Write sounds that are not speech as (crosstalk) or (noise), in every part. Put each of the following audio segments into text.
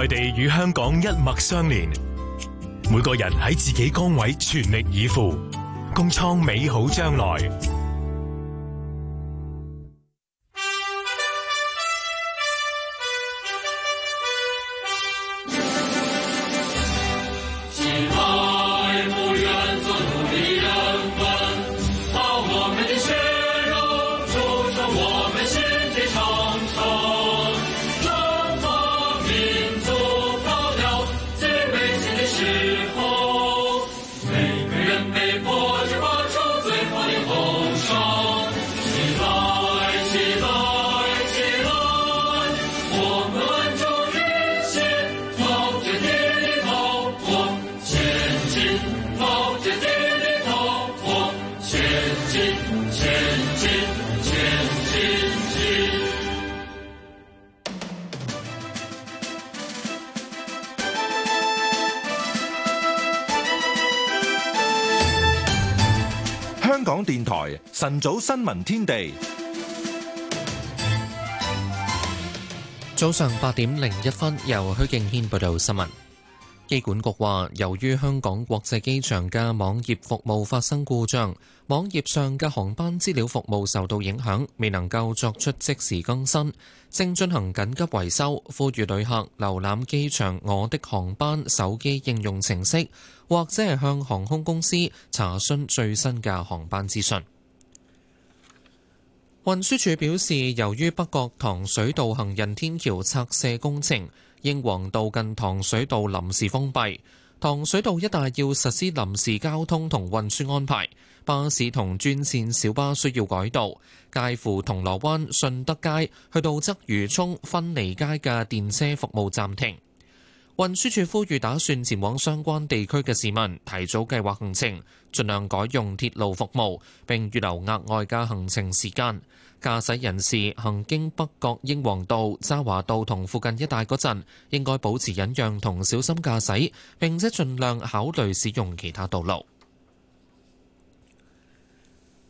內地與香港一脈相連，每個人喺自己崗位全力以赴，共創美好將來。冒着敵人的炮火，前進，前進，前進進。香港電台晨早新聞天地，早上八點零一分，由許敬軒報道新聞。機管局話，由於香港國際機場嘅網頁服務發生故障，網頁上嘅航班資料服務受到影響，未能夠作出即時更新，正進行緊急維修，呼吁旅客瀏覽機場我的航班手機應用程式，或者係向航空公司查詢最新嘅航班資訊。運輸署表示，由於北角糖水道行人天橋拆卸工程，英皇道近糖水道臨時封閉，糖水道一帶要實施臨時交通同運輸安排，巴士同專線小巴需要改道，介乎銅鑼灣順德街去到鰂魚涌芬尼街嘅電車服務暫停，運輸處呼籲打算前往相關地區嘅市民提早計劃行程，盡量改用鐵路服務，並預留額外嘅行程時間。駕駛人士行經北角英皇道、渣華道同附近一帶嗰陣，應該保持忍讓同小心駕駛，並且盡量考慮使用其他道路。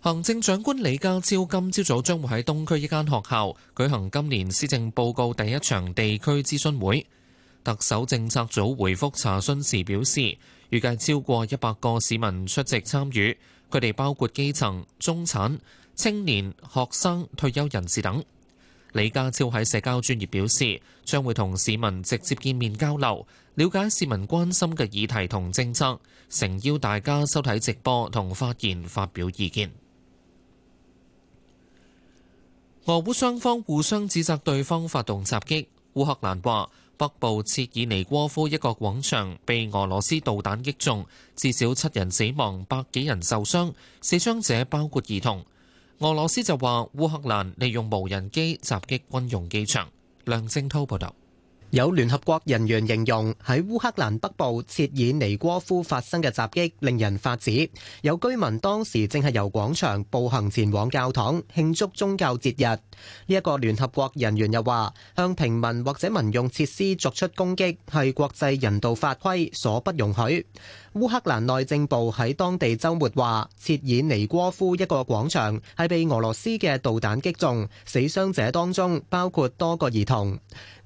行政長官李家超今朝早將會喺東區一間學校舉行今年施政報告第一場地區諮詢會。特首政策組回覆查詢時表示，預計超過一百個市民出席參與，佢哋包括基層、中產。青年、學生、退休人士等。李家超喺社交專業表示，將會同市民直接見面交流，了解市民關心嘅議題同政策，誠邀大家收睇直播同發言發表意見。俄烏雙方互相指責對方發動襲擊。烏克蘭話北部切爾尼戈夫一個廣場被俄羅斯導彈擊中，至少七人死亡，百幾人受傷，死傷者包括兒童。俄羅斯就話，烏克蘭利用無人機襲擊軍用機場。梁正濤報導，有聯合國人員形容喺烏克蘭北部切爾尼戈夫發生嘅襲擊令人髮指。有居民當時正係由廣場步行前往教堂慶祝宗教節日。呢一個聯合國人員又話，向平民或者民用設施作出攻擊係國際人道法規所不容許。烏克蘭內政部喺當地周末話，切爾尼戈夫一個廣場係被俄羅斯嘅導彈擊中，死傷者當中包括多個兒童。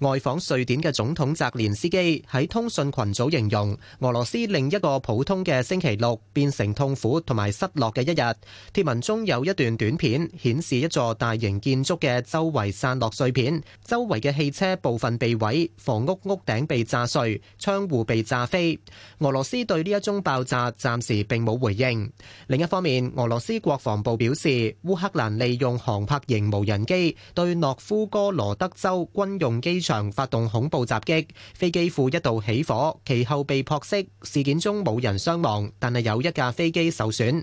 外訪瑞典嘅總統澤連斯基喺通訊群組形容，俄羅斯另一個普通嘅星期六變成痛苦同埋失落嘅一日。貼文中有一段短片，顯示一座大型建築嘅周圍散落碎片，周圍嘅汽車部分被毀，房屋屋頂被炸碎，窗戶被炸飛。俄羅斯對呢一中爆炸暫時並冇回應。另一方面，俄羅斯國防部表示，烏克蘭利用航拍型無人機對諾夫哥羅德州軍用機場發動恐怖襲擊，飛機庫一度起火，其後被撲熄。事件中冇人傷亡，但係有一架飛機受損。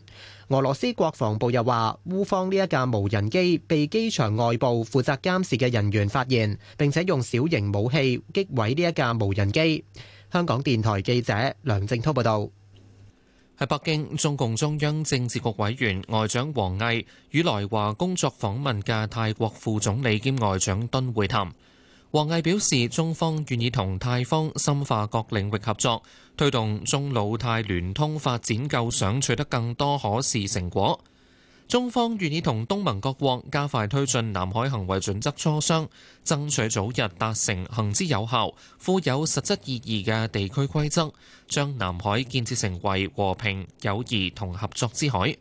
俄羅斯國防部又話，烏方呢一架無人機被機場外部負責監視嘅人員發現，並且用小型武器擊毀呢一架無人機。香港電台記者梁靜濤報道。喺北京，中共中央政治局委員外長王毅與來華工作訪問嘅泰國副總理兼外長敦會談。王毅表示，中方願意同泰方深化各領域合作，推動中老泰聯通發展構想取得更多可視成果。中方願意同東盟各國加快推進南海行為準則磋商，爭取早日達成行之有效、富有實質意義嘅地區規則，將南海建設成為和平友誼同合作之海。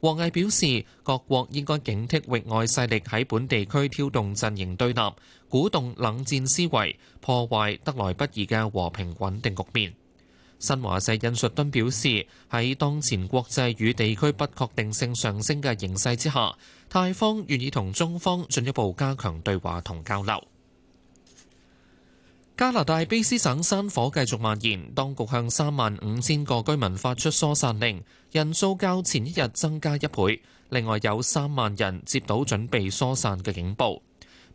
王毅表示，各國應該警惕域外勢力喺本地區挑動陣營對立，鼓動冷戰思維，破壞得來不易嘅和平穩定局面。新華社引述敦表示，喺當前國際與地區不確定性上升嘅形勢之下，泰方願意同中方進一步加強對話同交流。加拿大卑斯省山火繼續蔓延，當局向三萬五千個居民發出疏散令，人數較前一日增加一倍，另外有三萬人接到準備疏散嘅警報。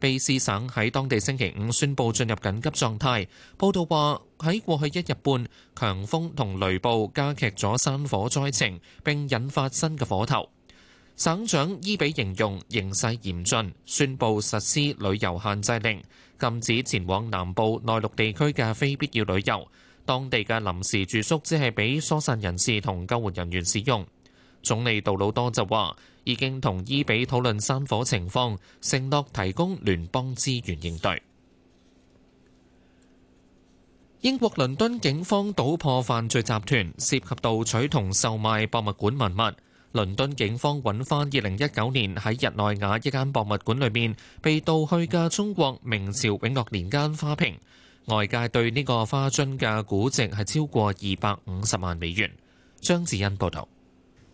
卑詩省喺當地星期五宣布進入緊急狀態。報道話喺過去一日半，強風同雷暴加劇咗山火災情，並引發新嘅火頭。省長伊比形容形勢嚴峻，宣布實施旅遊限制令，禁止前往南部內陸地區嘅非必要旅遊。當地嘅臨時住宿只係俾疏散人士同救援人員使用。總理杜魯多就話，已經同伊比討論山火情況，承諾提供聯邦資源應對。英國倫敦警方搗破犯罪集團，涉及盜取同售賣博物館文物。倫敦警方揾翻二零一九年喺日內瓦一間博物館裏面被盜去嘅中國明朝永樂年間花瓶，外界對呢個花樽嘅估值係超過二百五十萬美元。張子恩報道。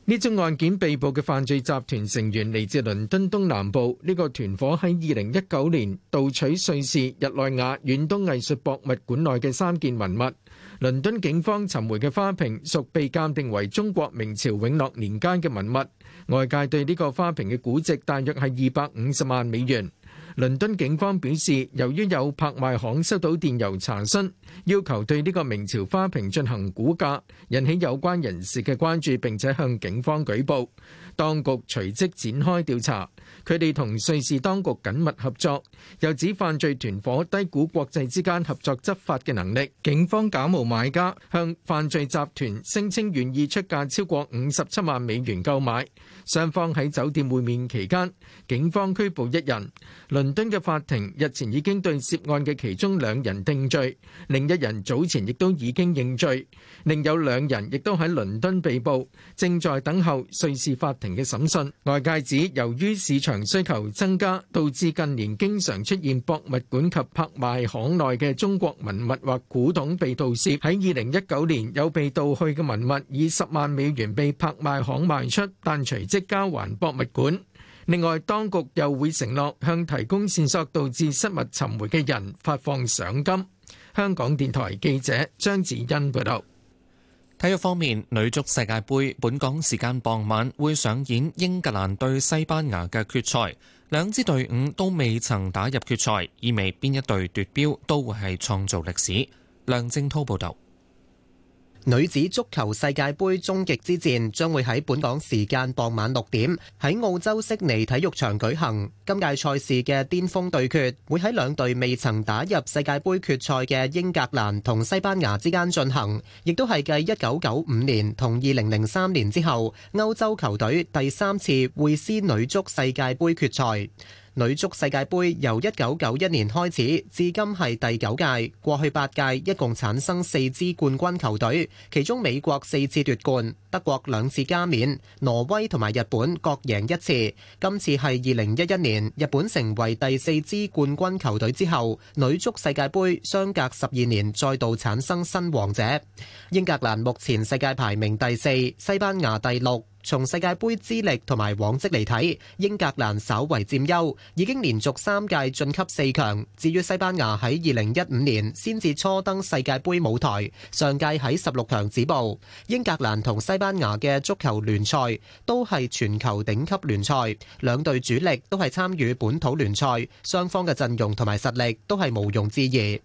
呢宗案件被捕嘅犯罪集團成員嚟自倫敦東南部。呢個團伙喺二零一九年盜取瑞士日內瓦遠東藝術博物館內嘅三件文物。倫敦警方尋回嘅花瓶屬被鑑定為中國明朝永樂年間嘅文物，外界對呢個花瓶嘅估值大約係二百五十萬美元。倫敦警方表示，由於有拍賣行收到電郵查詢，要求對呢個明朝花瓶進行估價，引起有關人士嘅關注，並且向警方舉報。當局隨即展開調查，佢哋同瑞士當局緊密合作，又指犯罪團伙低估國際之間合作執法嘅能力。警方假冒買家，向犯罪集團聲稱願意出價超過五十七萬美元購買。雙方喺酒店會面期間，警方拘捕一人。倫敦嘅法庭日前已經對涉案嘅其中兩人定罪。另一人早前亦都已經認罪，另有兩人亦都喺倫敦被捕，正在等候瑞士法庭嘅審訊。外界指，由於市場需求增加，導致近年經常出現博物館及拍賣行內嘅中國文物或古董被盜竊。喺二零一九年，有被盜去嘅文物以十萬美元被拍賣行賣出，但隨即交還博物館。另外，當局又會承諾向提供線索導致失物尋回嘅人發放賞金。香港電台記者張子欣報道：體育方面，女足世界盃本港時間傍晚會上演英格蘭對西班牙嘅決賽，兩支隊伍都未曾打入決賽，意味邊一隊奪標都會係創造歷史。梁正濤報道。女子足球世界杯終極之戰將會喺本港時間傍晚六點喺澳洲悉尼體育場舉行。今屆賽事嘅巔峰對決會喺兩隊未曾打入世界杯決賽嘅英格蘭同西班牙之間進行，亦都係繼一九九五年同二零零三年之後，歐洲球隊第三次會師女足世界杯決賽。女足世界盃由一九九一年開始，至今係第九屆。過去八屆一共產生四支冠軍球隊，其中美國四次奪冠，德國兩次加冕，挪威同埋日本各贏一次。今次係二零一一年，日本成為第四支冠軍球隊之後，女足世界盃相隔十二年再度產生新王者。英格蘭目前世界排名第四，西班牙第六。從世界杯資歷同埋往績嚟睇，英格蘭稍為佔優，已經連續三屆晉級四強。至於西班牙喺二零一五年先至初登世界杯舞台，上屆喺十六強止步。英格蘭同西班牙嘅足球聯賽都係全球頂級聯賽，兩隊主力都係參與本土聯賽，雙方嘅陣容同埋實力都係毋庸置疑。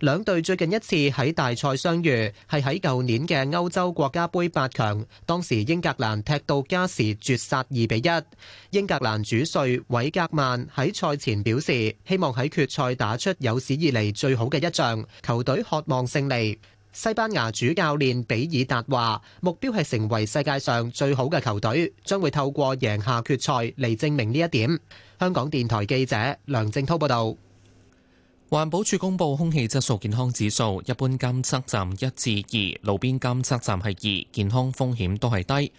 兩隊最近一次喺大賽相遇係喺舊年嘅歐洲國家杯八強，當時英格蘭踢到加時絕殺二比一。英格蘭主帥韋格曼喺賽前表示，希望喺決賽打出有史以嚟最好嘅一仗，球隊渴望勝利。西班牙主教練比爾達話：目標係成為世界上最好嘅球隊，將會透過贏下決賽嚟證明呢一點。香港電台記者梁正滔報道。環保署公布空氣質素健康指數，一般監測站一至二，路邊監測站係二，健康風險都係低。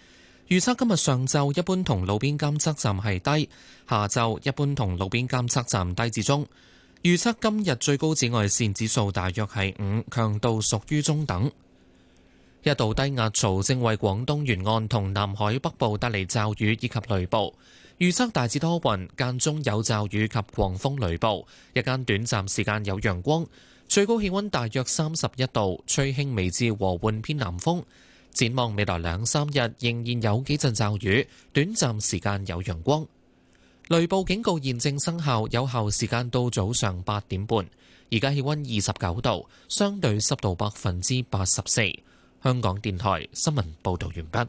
預測今日上晝一般同路邊監測站係低，下晝一般同路邊監測站低至中。預測今日最高紫外線指數大約係五，強度屬於中等。一度低壓槽正為廣東沿岸同南海北部帶嚟驟雨以及雷暴。預測大致多雲，間中有驟雨及狂風雷暴，日間短暫時間有陽光，最高氣溫大約三十一度，吹輕微至和緩偏南風。展望未來兩三日仍然有幾陣驟雨，短暫時間有陽光。雷暴警告現正生效，有效時間到早上八點半。而家氣溫二十九度，相對濕度百分之八十四。香港電台新聞報道完畢。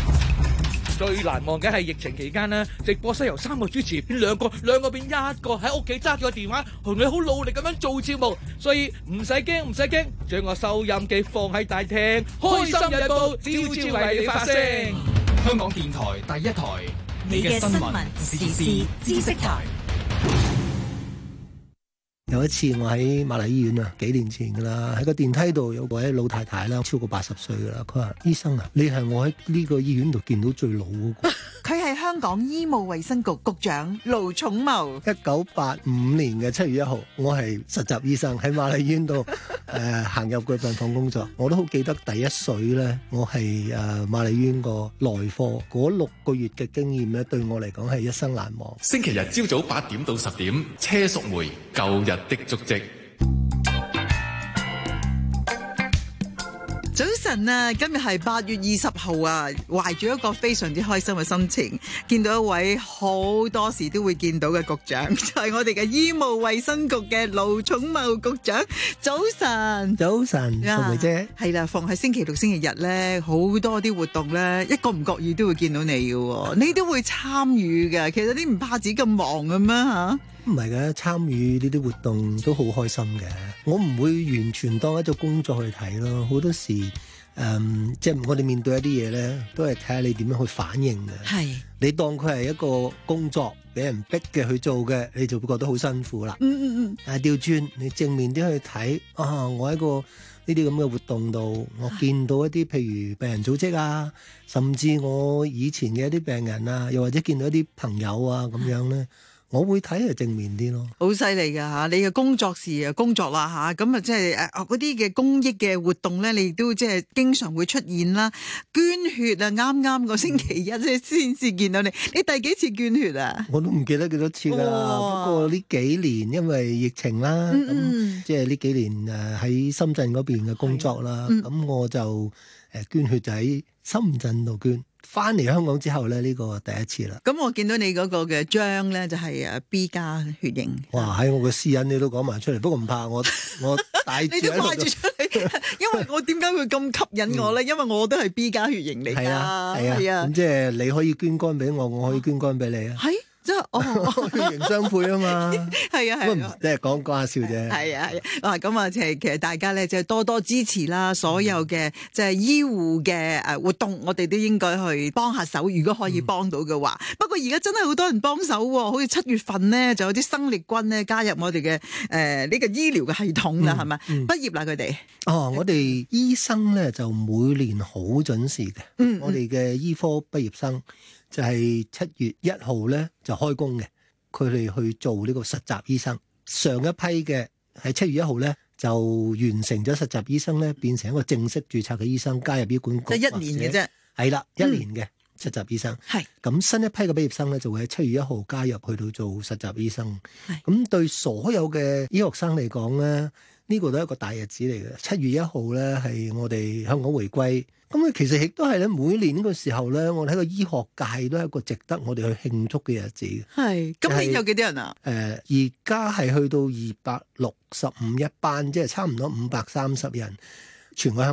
最難忘嘅係疫情期間，呢直播室，由三個主持變兩個，兩個變一個，喺屋企揸住個電話同你好努力咁樣做節目，所以唔使驚，唔使驚，將個收音機放喺大廳，開心日報朝朝為你發聲，香港電台第一台，你嘅新聞時事知識台。有一次我喺瑪麗醫院啊，幾年前㗎喇，喺個電梯度有位老太太喇，超過八十歲㗎喇，佢話：醫生啊，你係我喺呢個醫院度見到最老嗰個。 (laughs) 香港醫務衛生局局長盧寵茂，一九八五年嘅七月一號，我係實習醫生喺瑪麗醫院度誒，行入佢病房工作，我都好記得第一水咧，我係誒，瑪麗醫院個內科嗰六個月嘅經驗咧，對我嚟講係一生難忘。星期日朝早八點到十點，車淑梅舊日的足跡。啦，今日係八月二十號啊，懷住一個非常之開心嘅心情，見到一位好多時都會見到嘅局長，係、就係、我哋嘅醫務衛生局嘅盧寵茂局長。早晨，早晨，阿梅姐，係啦、啊，逢喺星期六、星期日咧，好多啲活動咧，一個唔覺意都會見到你嘅、啊，你都會參與嘅。其實你唔怕自己咁忙嘅咩吓？唔係嘅，參與呢啲活動都好開心嘅。我唔會完全當一個工作去睇咯，好多時。誒，um，即係我哋面對一啲嘢咧，都係睇下你點樣去反應嘅。係是，你當佢係一個工作俾人逼嘅去做嘅，你就會覺得好辛苦啦。嗯嗯嗯。但調轉，你正面啲去睇，啊，我喺個呢啲咁嘅活動度，我見到一啲是譬如病人組織啊，甚至我以前嘅一啲病人啊，又或者見到一啲朋友啊，咁樣咧。我會睇係正面啲咯，好犀利噶吓！你嘅工作時啊工作啦吓，咁啊即係誒嗰啲嘅公益嘅活動咧，你都即係經常會出現啦。捐血啊，啱啱個星期一先先至見到你。嗯、你第幾次捐血啊？我都唔記得幾多次㗎。哦、不過呢幾年因為疫情啦，咁即係呢幾年誒喺深圳嗰邊嘅工作啦，咁、啊嗯、我就誒捐血仔。深圳杜捐，翻嚟香港之後咧，呢、這個第一次啦。咁我見到你嗰個嘅章咧，就係、是、啊 B 加血型。哇，喺吧我嘅私隱你都講埋出嚟，不過唔怕，我我帶 (laughs) 你都掛住出嚟， (laughs) 因為我點解會咁吸引我咧？嗯、因為我都係 B 加血型嚟噶。係啊，係啊。咁、啊啊啊、即係你可以捐肝俾我，我可以捐肝俾你啊。係。即係哦，完 (laughs) 相配啊嘛，係啊係啊，即係講講下笑啫。係啊係啊，哇咁啊，即係其實大家咧，即係多多支持啦，所有嘅即係醫護嘅誒活動，我哋都應該去幫下手，如果可以幫到嘅話。嗯、不過而家真係好多人幫手，啊，好似七月份咧，就有啲生力軍咧加入我哋嘅誒呢個醫療嘅系統啦，係咪？畢業啦佢哋。哦， (laughs) 我哋醫生咧就每年好準時嘅，我哋嘅醫科畢業生。就係七月一號咧就開工嘅，佢哋去做呢個實習醫生。上一批嘅喺七月一號咧就完成咗實習醫生咧，變成一個正式註冊嘅醫生加入醫管局。即一年嘅啫，係啦，嗯、一年嘅實習醫生。係咁是新一批嘅畢業生咧就會喺七月一號加入去到做實習醫生。係咁是對所有嘅醫學生嚟講咧，呢個都係一個大日子嚟嘅。七月一號咧係我哋香港回歸。咁啊，其實亦都係咧，每年呢個時候咧，我哋喺個醫學界都係一個值得我哋去慶祝嘅日子。係是、就是、今年有幾多人啊？誒，而家係去到二百六十五一班，即係差唔多五百三十人，全港。